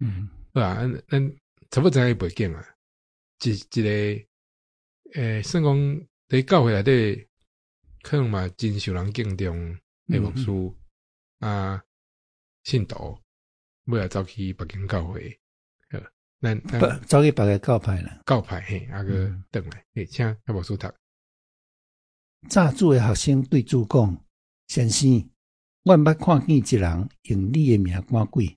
啊、嗯，係咱咱差不多在北京啊，一一個誒，算講對教會內底，可能嘛真受人敬重那本書啊，信徒未來走去北京教會，誒、嗯，咱咱走去北京教派啦，教、嗯、派，嘿，啊哥等來，誒，請阿寶叔睇。乍住嘅學生對主講，先生，我唔冇看見一人用你嘅名趕鬼。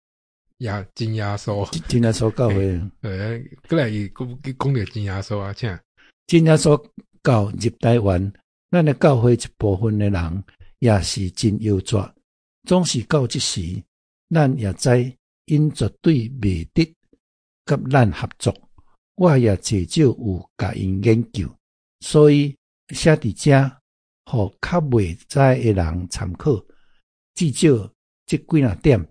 也真耶穌，真耶穌教會，誒，佫來佫去講講嘅真耶穌啊，真耶穌教到入台灣咱嘅教會一部分嘅人，也是真優濁，總是到這時，咱也知，因絕對袂得甲咱合作，我也至少有甲因研究，所以寫佇遮，互較袂知的人參考，至少即幾若點。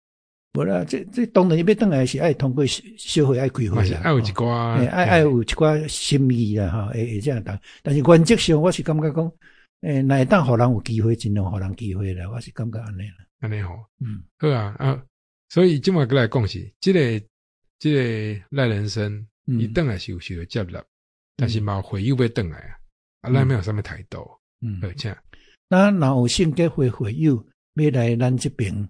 冇啦，即即當然要等嚟，是愛通過消費愛機會，愛有一寡，愛愛、哦嗯、有一寡心意啦會會，但是原則上，我是感覺講，誒，哪一檔互人有機會，盡量互人機會啦，我是感覺咁樣啦。咁樣吼，嗯，好啊，啊，所以今晚過來講是，即、這個即、這個賴仁聲，一等、嗯、有受受接納，但是也有回應要等嚟、嗯、啊，咱沒有什麼態度，嗯，得嘅。但、嗯、有性格會回應未來咱這邊。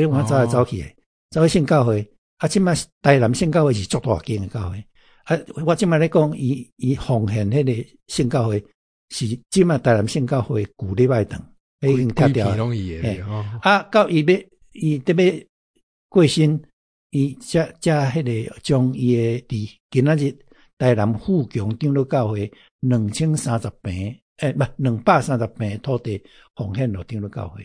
即我走來走去嘅，走、哦、去信教會。啊，即賣台南信教會是足大間嘅教會。啊我，我即賣咧講，伊伊奉獻迄個信教會，是即賣台南信教會舊禮拜堂已經拆掉。啊，到伊欲，伊特別過身伊才才迄個將伊嘅佇今仔日台南富強頂落教會兩千三十平，誒、欸，不，兩百三十平土地奉獻落頂落教會。